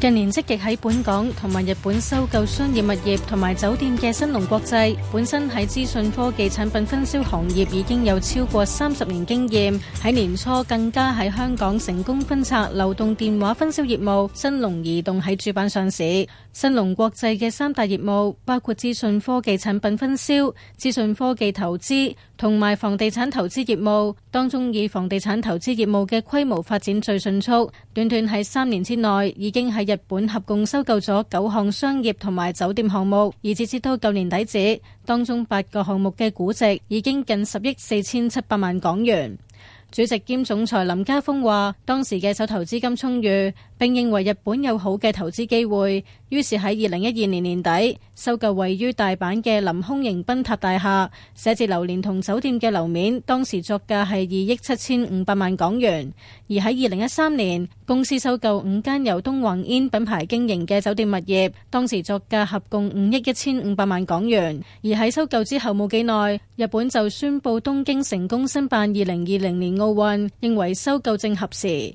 近年積極喺本港同埋日本收購商業物業同埋酒店嘅新龍國際，本身喺資訊科技產品分銷行業已經有超過三十年經驗。喺年初更加喺香港成功分拆流動電話分銷業務，新龍移動喺主板上市。新龍國際嘅三大業務包括資訊科技產品分銷、資訊科技投資同埋房地產投資業務，當中以房地產投資業務嘅規模發展最迅速，短短喺三年之內已經喺日本合共收購咗九項商業同埋酒店項目，而截至到舊年底止，當中八個項目嘅估值已經近十億四千七百萬港元。主席兼總裁林嘉豐話：當時嘅手頭資金充裕，並認為日本有好嘅投資機會。於是喺二零一二年年底收購位於大阪嘅臨空型賓塔大廈，寫字樓連同酒店嘅樓面，當時作價係二億七千五百萬港元。而喺二零一三年，公司收購五間由東橫 N 品牌經營嘅酒店物業，當時作價合共五億一千五百萬港元。而喺收購之後冇幾耐，日本就宣布東京成功申辦二零二零年奧運，認為收購正合時。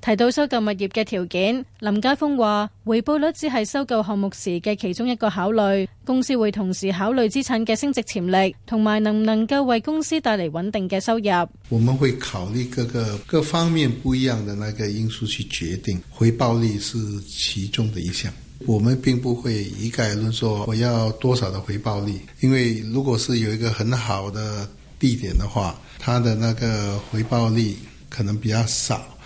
提到收購物業嘅條件，林嘉豐話回報率只係收購項目時嘅其中一個考慮，公司會同時考慮資產嘅升值潛力同埋能唔能夠為公司帶嚟穩定嘅收入。我們會考慮各個各方面不一樣的那個因素去決定回報率是其中的一項，我們並不會一概論說我要多少的回報率，因為如果是有一個很好的地點的話，它的那個回報率可能比較少。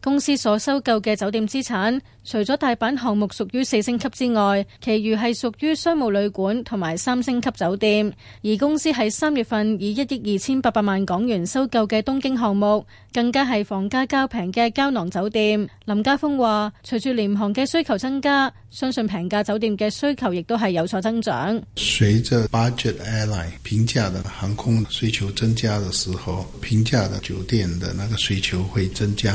公司所收購嘅酒店資產，除咗大阪項目屬於四星級之外，其餘係屬於商務旅館同埋三星級酒店。而公司喺三月份以一億二千八百萬港元收購嘅東京項目，更加係房價較平嘅膠囊酒店。林嘉豐話，隨住廉航嘅需求增加，相信平價酒店嘅需求亦都係有所增長。隨着 budget airline 平價嘅航空需求增加嘅時候，平價嘅酒店嘅那個需求會增加。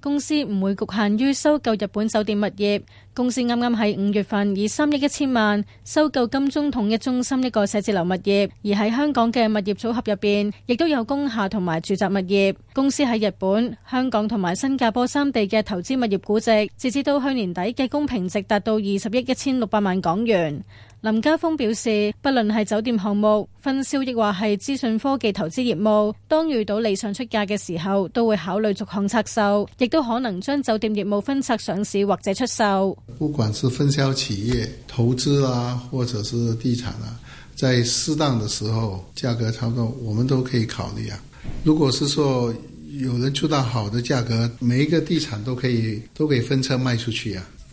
公司唔會局限於收購日本酒店物業，公司啱啱喺五月份以三億一千萬收購金鐘統一中心一個寫字樓物業，而喺香港嘅物業組合入邊，亦都有工廈同埋住宅物業。公司喺日本、香港同埋新加坡三地嘅投資物業估值，截至到去年底嘅公平值達到二十億一千六百萬港元。林嘉豐表示，不論係酒店項目分銷，亦或係資訊科技投資業務，當遇到理想出價嘅時候，都會考慮逐項拆售，亦都可能將酒店業務分拆上市或者出售。不管是分銷企業投資啦、啊，或者是地產啦、啊，在適當的時候價格差不多，我們都可以考慮啊。如果是說有人出到好的價格，每一個地產都可以都可以分拆賣出去啊。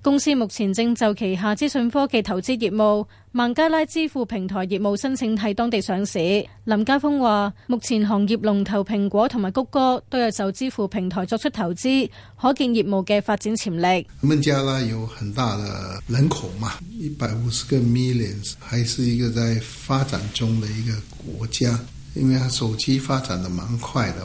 公司目前正就旗下資訊科技投資業務、孟加拉支付平台業務申請喺當地上市。林嘉豐話：目前行業龍頭蘋果同埋谷歌都有就支付平台作出投資，可見業務嘅發展潛力。孟加拉有很大的人口嘛，一百五十個 millions，還是一個在發展中的一個國家，因為佢手機發展得蠻快的。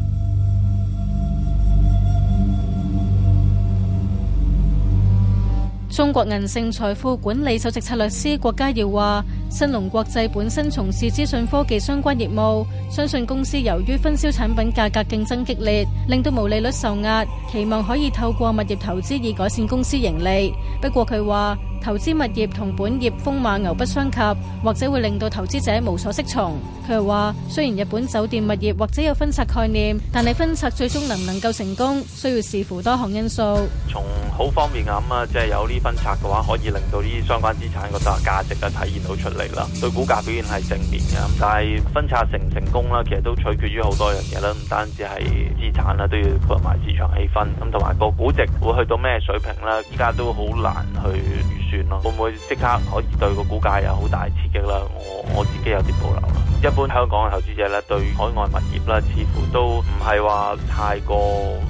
中國銀盛財富管理首席策略師郭家耀話：新龍國際本身從事資訊科技相關業務，相信公司由於分銷產品價格競爭激烈，令到毛利率受壓，期望可以透過物業投資以改善公司盈利。不過佢話。投資物業同本業風馬牛不相及，或者會令到投資者無所適從。佢又話：雖然日本酒店物業或者有分拆概念，但係分拆最終能唔能夠成功，需要視乎多項因素。從好方面咁啊，即係有呢分拆嘅話，可以令到呢相關資產個價值啊體現到出嚟啦，對股價表現係正面嘅。但係分拆成唔成功啦，其實都取決於好多樣嘢啦，唔單止係資產啦，都要配合埋市場氣氛，咁同埋個估值會去到咩水平啦，依家都好難去預。轉，會唔會即刻可以對個估價有好大刺激啦？我我自己有啲保留啦。一般香港嘅投資者咧，對海外物業咧，似乎都唔係話太過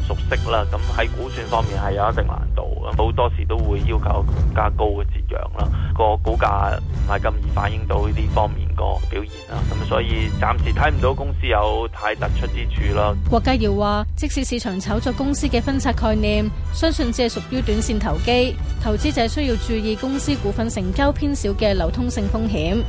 熟悉啦。咁喺估算方面係有一定難度。好多時都會要求更加高嘅折讓啦，個股價唔係咁易反映到呢方面個表現啦，咁所以暫時睇唔到公司有太突出之處咯。郭家耀話：即使市場炒作公司嘅分拆概念，相信只係屬於短線投機，投資者需要注意公司股份成交偏少嘅流通性風險。